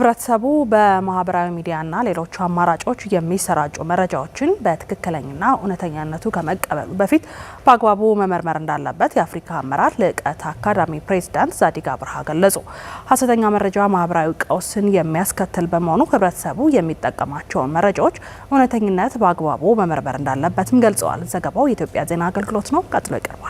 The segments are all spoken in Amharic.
ህብረተሰቡ በማህበራዊ ሚዲያና ሌሎቹ አማራጮች የሚሰራጩ መረጃዎችን በትክክለኛና እውነተኛነቱ ከመቀበሉ በፊት በአግባቡ መመርመር እንዳለበት የአፍሪካ አመራር ልዕቀት አካዳሚ ፕሬዚዳንት ዛዲግ አብርሃ ገለጹ። ሀሰተኛ መረጃ ማህበራዊ ቀውስን የሚያስከትል በመሆኑ ህብረተሰቡ የሚጠቀማቸውን መረጃዎች እውነተኝነት በአግባቡ መመርመር እንዳለበትም ገልጸዋል። ዘገባው የኢትዮጵያ ዜና አገልግሎት ነው፣ ቀጥሎ ይቀርባል።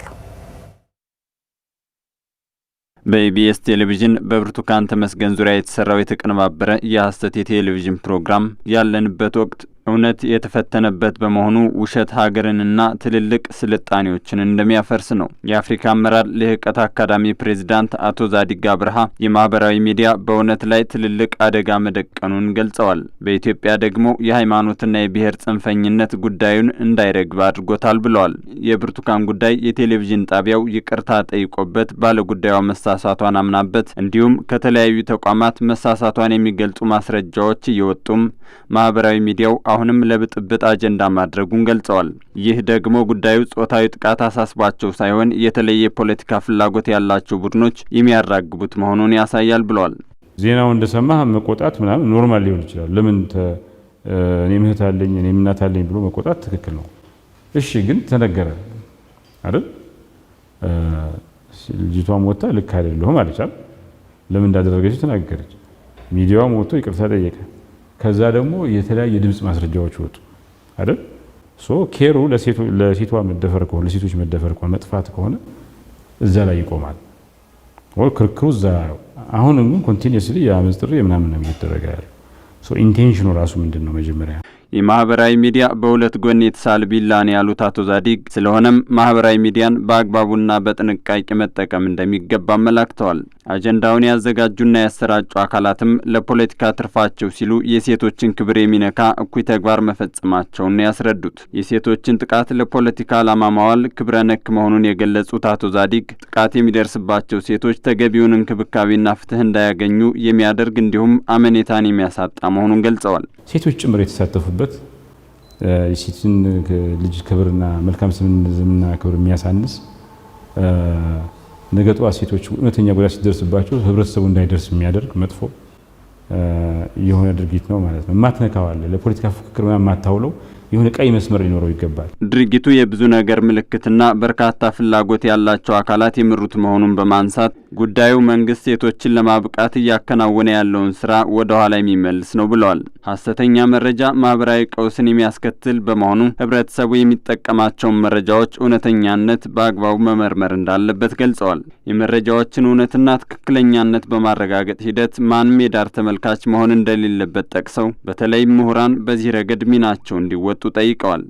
በኢቢኤስ ቴሌቪዥን በብርቱካን ተመስገን ዙሪያ የተሰራው የተቀነባበረ የሐሰት የቴሌቪዥን ፕሮግራም ያለንበት ወቅት እውነት የተፈተነበት በመሆኑ ውሸት ሀገርንና ትልልቅ ስልጣኔዎችን እንደሚያፈርስ ነው። የአፍሪካ አመራር ልህቀት አካዳሚ ፕሬዚዳንት አቶ ዛዲግ አብርሃ የማህበራዊ ሚዲያ በእውነት ላይ ትልልቅ አደጋ መደቀኑን ገልጸዋል። በኢትዮጵያ ደግሞ የሃይማኖትና የብሔር ጽንፈኝነት ጉዳዩን እንዳይረግብ አድርጎታል ብለዋል። የብርቱካን ጉዳይ የቴሌቪዥን ጣቢያው ይቅርታ ጠይቆበት ባለጉዳዩ መሳሳቷን አምናበት እንዲሁም ከተለያዩ ተቋማት መሳሳቷን የሚገልጹ ማስረጃዎች እየወጡም ማህበራዊ ሚዲያው አሁንም ለብጥብጥ አጀንዳ ማድረጉን ገልጸዋል። ይህ ደግሞ ጉዳዩ ጾታዊ ጥቃት አሳስቧቸው ሳይሆን የተለየ ፖለቲካ ፍላጎት ያላቸው ቡድኖች የሚያራግቡት መሆኑን ያሳያል ብለዋል። ዜናው እንደሰማህ መቆጣት ምናምን ኖርማል ሊሆን ይችላል። ለምን እኔ እህት አለኝ እኔ እናት አለኝ ብሎ መቆጣት ትክክል ነው። እሺ ግን ተነገረ አይደል? ልጅቷም ወጥታ ልክ አይደለሁም አለቻል። ለምን እንዳደረገች ተናገረች። ሚዲያዋ ወጥቶ ይቅርታ ጠየቀ። ከዛ ደግሞ የተለያዩ የድምፅ ማስረጃዎች ወጡ አይደል? ሶ ኬሩ ለሴቷ መደፈር ከሆነ ለሴቶች መደፈር ከሆነ መጥፋት ከሆነ እዛ ላይ ይቆማል። ወይ ክርክሩ እዛ ነው። አሁን ግን ኮንቲኒስሊ የአመፅ ጥሪ ምናምን ነው የሚደረገ ያለው። ኢንቴንሽኑ ራሱ ምንድን ነው መጀመሪያ የማህበራዊ ሚዲያ በሁለት ጎን የተሳል ቢላን ያሉት አቶ ዛዲግ፣ ስለሆነም ማህበራዊ ሚዲያን በአግባቡና በጥንቃቄ መጠቀም እንደሚገባ አመላክተዋል። አጀንዳውን ያዘጋጁና ያሰራጩ አካላትም ለፖለቲካ ትርፋቸው ሲሉ የሴቶችን ክብር የሚነካ እኩይ ተግባር መፈጸማቸውን ያስረዱት የሴቶችን ጥቃት ለፖለቲካ ዓላማ ማዋል ክብረ ነክ መሆኑን የገለጹት አቶ ዛዲግ ጥቃት የሚደርስባቸው ሴቶች ተገቢውን እንክብካቤና ፍትህ እንዳያገኙ የሚያደርግ እንዲሁም አመኔታን የሚያሳጣ መሆኑን ገልጸዋል። ሴቶች ጭምር የተሳተፉበት የሴትን ልጅ ክብርና መልካም ስምና ክብር የሚያሳንስ ነገ ጠዋት ሴቶች እውነተኛ ጉዳት ሲደርስባቸው ህብረተሰቡ እንዳይደርስ የሚያደርግ መጥፎ የሆነ ድርጊት ነው ማለት ነው። አለ ለፖለቲካ ፉክክር ምናምን የማታውለው የሆነ ቀይ መስመር ሊኖረው ይገባል። ድርጊቱ የብዙ ነገር ምልክትና በርካታ ፍላጎት ያላቸው አካላት የምሩት መሆኑን በማንሳት ጉዳዩ መንግስት ሴቶችን ለማብቃት እያከናወነ ያለውን ስራ ወደ ኋላ የሚመልስ ነው ብለዋል። ሀሰተኛ መረጃ ማህበራዊ ቀውስን የሚያስከትል በመሆኑ ህብረተሰቡ የሚጠቀማቸውን መረጃዎች እውነተኛነት በአግባቡ መመርመር እንዳለበት ገልጸዋል። የመረጃዎችን እውነትና ትክክለኛነት በማረጋገጥ ሂደት ማንም የዳር ተመልካች መሆን እንደሌለበት ጠቅሰው በተለይም ምሁራን በዚህ ረገድ ሚናቸው እንዲወጡ እንዲፈቱ ጠይቀዋል።